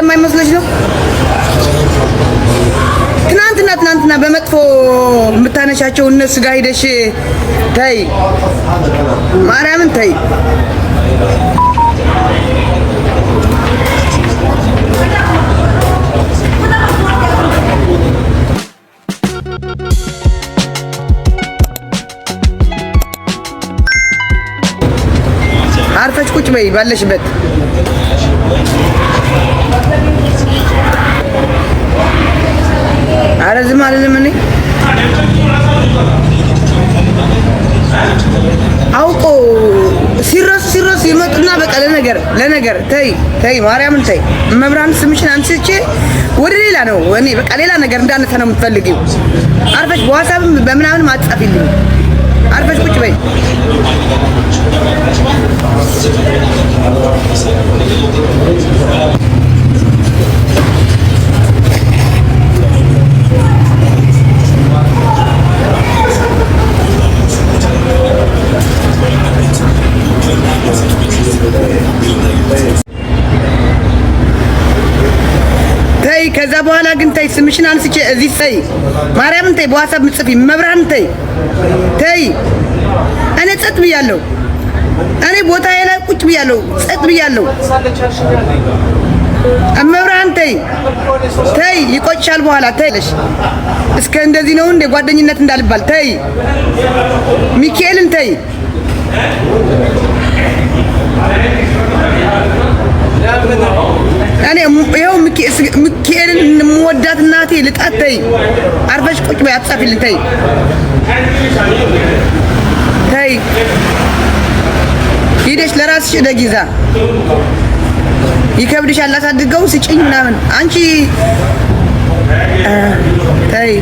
ስለማይመስለች ነው። ትናንትና ትናንትና በመጥፎ የምታነሻቸው እነሱ ጋር ሄደሽ ተይ፣ ማርያምን ተይ። በይ ባለሽበት አረ ዝም አልልም እኔ አውቆ ሲረሱ ሲረሱ ይመጡና በቃ ለነገር ለነገር ተይ ተይ ማርያምን ተይ መብራን ስምሽን አንስቼ ወደ ሌላ ነው እኔ በቃ ሌላ ነገር እንዳነተ ነው የምትፈልጊው አርፈሽ በዋሳብም በምናምን ማጻፊልኝ በይ ተይ። ከዛ በኋላ ግን ተይ፣ ስምሽን አንስቼ እዚህ ተይ፣ ማርያምን ተይ፣ በዋትሳፕ ምጽፊ መብራን ተይ፣ ተይ እኔ ጸጥ ብያለሁ። እኔ ቦታዬ ላይ ቁጭ ብያለሁ፣ ጸጥ ብያለሁ። እመብርሃን ተይ ተይ፣ ይቆጭሻል በኋላ ተይ። እስከ እንደዚህ ነው እንደ ጓደኝነት እንዳልባል ተይ። ሚካኤልን ተይ። እኔ ይኸው ሚካኤልን የምወዳት እናቴ ልጣት ተይ። አርፈሽ ቁጭ በይ፣ አትጻፊልን ተይ። ተይ ሄደሽ ለራስሽ ደጊዛ ይከብድሻል። አሳድገው ስጭኝ ምናምን አንቺ ተይ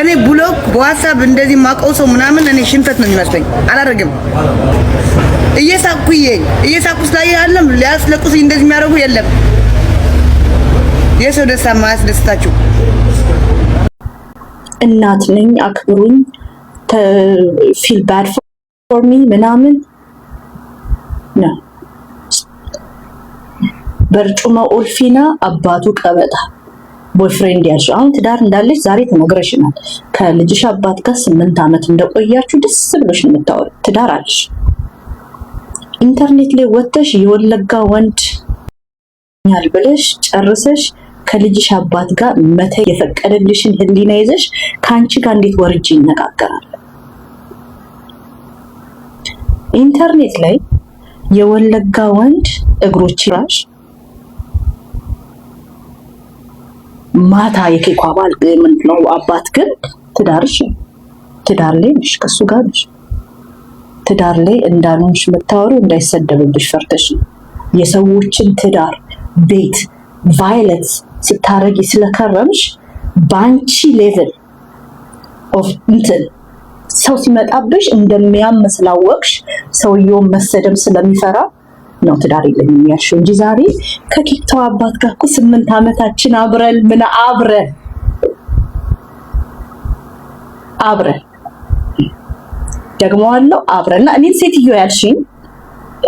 እኔ ብሎክ በዋትሳፕ እንደዚህ ማቀው ሰው ምናምን እኔ ሽንፈት ነው የሚመስለኝ። አላደርግም። እየሳኩዬ እየሳኩ ስላየ አለም ሊያስለቁስ እንደዚህ የሚያደርጉ የለም። የሰው ደስታ ማያስደስታችሁ እናት ነኝ አክብሩኝ፣ ፊል ባድ ፎር ሚ ምናምን ነው። በርጩማ ኦልፊና አባቱ ቀበጣ ቦይፍሬንድ ያልሽ አሁን ትዳር እንዳለች ዛሬ ተነግረሽናል። ከልጅሽ አባት ጋር ስምንት ዓመት እንደቆያችሁ ደስ ብሎሽ የምታወሪ ትዳር አለሽ። ኢንተርኔት ላይ ወጥተሽ የወለጋ ወንድ ኛል ብለሽ ጨርሰሽ ከልጅሽ አባት ጋር መተ የፈቀደልሽን ህሊና ይዘሽ ከአንቺ ጋር እንዴት ወርጅ ይነጋገራል? ኢንተርኔት ላይ የወለጋ ወንድ እግሮች ራሽ ማታ የኬኳ ባል ነው አባት ግን ትዳርሽ ትዳር ላይ ነሽ፣ ከሱ ጋር ነሽ። ትዳር ላይ እንዳንሽ መታወሪ እንዳይሰደብብሽ ፈርተሽ የሰዎችን ትዳር ቤት ቫይለንስ ስታረጊ ስለከረምሽ በአንቺ ሌቭል ኦፍ እንትን ሰው ሲመጣብሽ እንደሚያም ስላወቅሽ ሰውየውን መሰደም ስለሚፈራ ነው ትዳር የለኝም ያልሽው እንጂ ዛሬ ከኬፕታው አባት ጋር እኮ ስምንት ዓመታችን አብረን ምን አብረን አብረን ደግሞ አለው አብረን እና እኔን ሴትዮ ያልሽኝ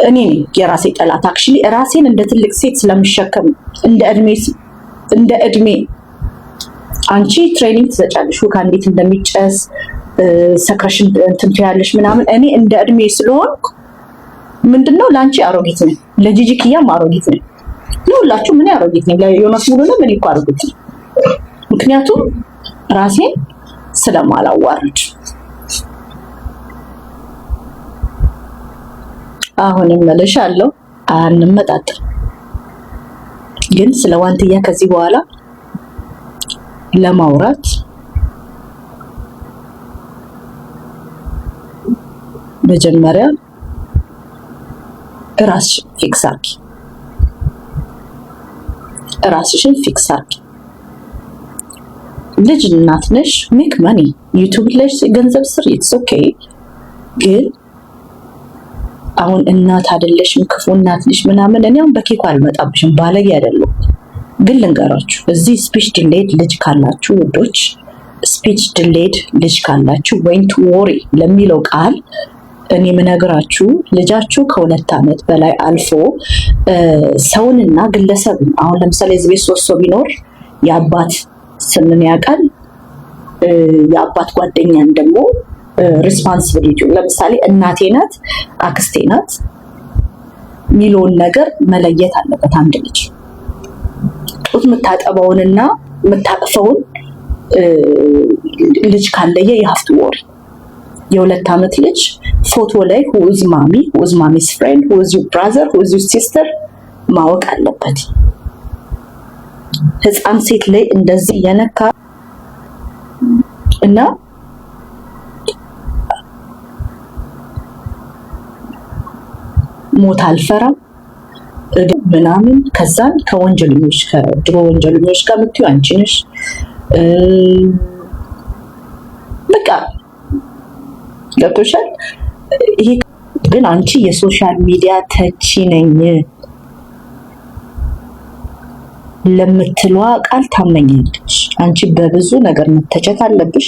እኔ የራሴ ጠላት አክሽሊ ራሴን እንደ ትልቅ ሴት ስለምሸከም እንደ እድሜ እንደ እድሜ አንቺ ትሬኒንግ ትሰጫለሽ፣ ውካ እንዴት እንደሚጨስ ሰክረሽን እንትን ትያለሽ ምናምን። እኔ እንደ እድሜ ስለሆንኩ ምንድነው ለአንቺ አሮጊት ነኝ፣ ለጂጂ ኪያም አሮጊት ነኝ፣ ለሁላችሁ ምን አሮጊት ነኝ፣ ለዮናስ ሙሉንም እኔ እኮ አሮጊት ነኝ። ምክንያቱም ራሴን ስለማላዋርድ አሁንም መልሽ አለው ግን ስለ ዋንትያ ከዚህ በኋላ ለማውራት መጀመሪያ ራስሽን ፊክስ አርጊ። ራስሽን ፊክስ አርጊ። ልጅ እናት ነሽ፣ ሜክ መኒ ዩቱብ ላይ ገንዘብ ስር ኢትስ ኦኬ ግን አሁን እናት አይደለሽም ክፉ እናት ልሽ ምናምን እኔ አሁን በኬኳ አልመጣብሽም፣ ባለጌ አይደለም። ግን ልንገራችሁ እዚህ ስፒች ድሌድ ልጅ ካላችሁ ውዶች ስፒች ድሌድ ልጅ ካላችሁ ወይም ቱ ወሪ ለሚለው ቃል እኔ ምነግራችሁ ልጃችሁ ከሁለት ዓመት በላይ አልፎ ሰውንና ግለሰብን አሁን ለምሳሌ እዚህ ቤት ሶስት ሰው ቢኖር የአባት ስምን ያውቃል፣ የአባት ጓደኛን ደግሞ ሪስፖንሲቢሊቲ ለምሳሌ እናቴ ናት፣ አክስቴ ናት የሚለውን ነገር መለየት አለበት። አንድ ልጅ ጡት የምታጠበውንና የምታቅፈውን ልጅ ካለየ የሀፍት ወር የሁለት ዓመት ልጅ ፎቶ ላይ ሁዝ ማሚ ሁዝ ማሚስ ፍሬንድ ሁዝ ዩ ብራዘር ሁዝ ዩ ሲስተር ማወቅ አለበት። ህፃን ሴት ላይ እንደዚህ የነካ እና ሞት አልፈራም ምናምን ከዛን ከወንጀለኞች ከድሮ ወንጀለኞች ጋር ምትዩ አንቺ ነሽ። በቃ ገብቶሻል። ይሄ ግን አንቺ የሶሻል ሚዲያ ተቺ ነኝ ለምትሏ ቃል ታመኛለች። አንቺ በብዙ ነገር መተቸት አለብሽ።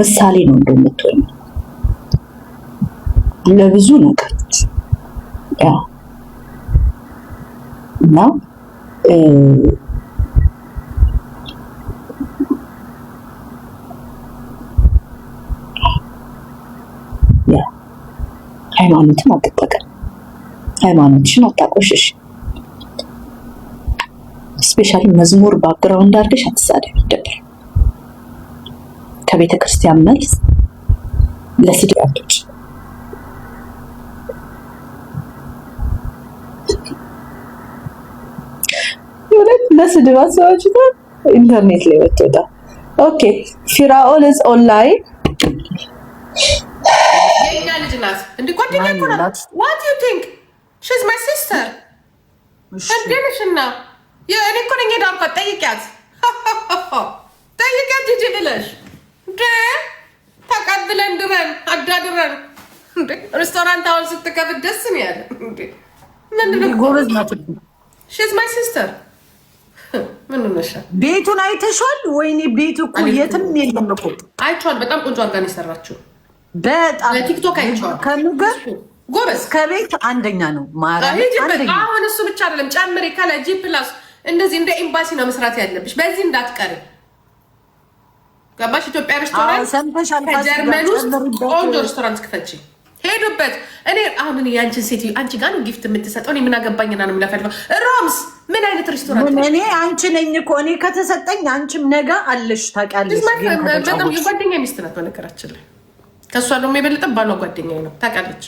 ምሳሌ ነው እንደምትሆኝ ለብዙ ነገሮች እና ሃይማኖትን አትጠቀም፣ ሃይማኖትሽን አታቆሽሽ። ስፔሻሊ መዝሙር ባክግራውንድ አድርገሽ አትሳደብ፣ ይደብር። ከቤተ ክርስቲያን መልስ ለስድብ ለስድብ አስባችሁታል። ኢንተርኔት ላይ ወጥቷ። ኦኬ ፊራኦል ኢዝ ኦንላይን የኛ ልጅ ናት። እንደ ጓደኛ እኮ ናት። ዋት ዩ ቲንክ ሺ ኢዝ ማይ ሲስተር እኮ ነኝ የዳርኳት። ጠይቂያት ጠይቂያት ጂጂ ብለሽ እንደ ተቀብለን ድረን አዳድረን ሬስቶራንት አሁን ስትከፍት ደስ ነው ያለ። ምንድን ነው ጎበዝ ናት። ሺ ኢዝ ማይ ሲስተር ቤቱን አይተሻል? ወይኔ ቤት እኮ የትም የለም እኮ አይቼዋለሁ። በጣም ቆንጆ አድርጋ ነው የሰራችው። በጣም ቲክቶክ አይቼዋለሁ። ከምግብ ጎበዝ ከቤት አንደኛ ነው። አሁን እሱ ብቻ አይደለም ጨምሪ ከላይ ጂ ፕላስ እንደዚህ እንደ ኤምባሲ ነው መስራት ያለብሽ። በዚህ እንዳትቀሪ ገባሽ? ኢትዮጵያ ሬስቶራንት ከጀርመን ውስጥ ቆንጆ ሬስቶራንት ክፈች። ሄዱበት። እኔ አሁን የአንችን ሴትዮ አንቺ ጋር ነው ጊፍት የምትሰጠው። እኔ ምን አገባኝና ነው የምናፈልገው? ሮምስ ምን አይነት ሬስቶራንት? እኔ አንቺ ነኝ እኮ እኔ ከተሰጠኝ አንቺም ነገ አለሽ ታውቂያለሽ። በጣም የጓደኛ ሚስት ናት በነገራችን ላይ ከእሷ ደግሞ የበለጠ ባሏ ጓደኛ ነው ታውቂያለች።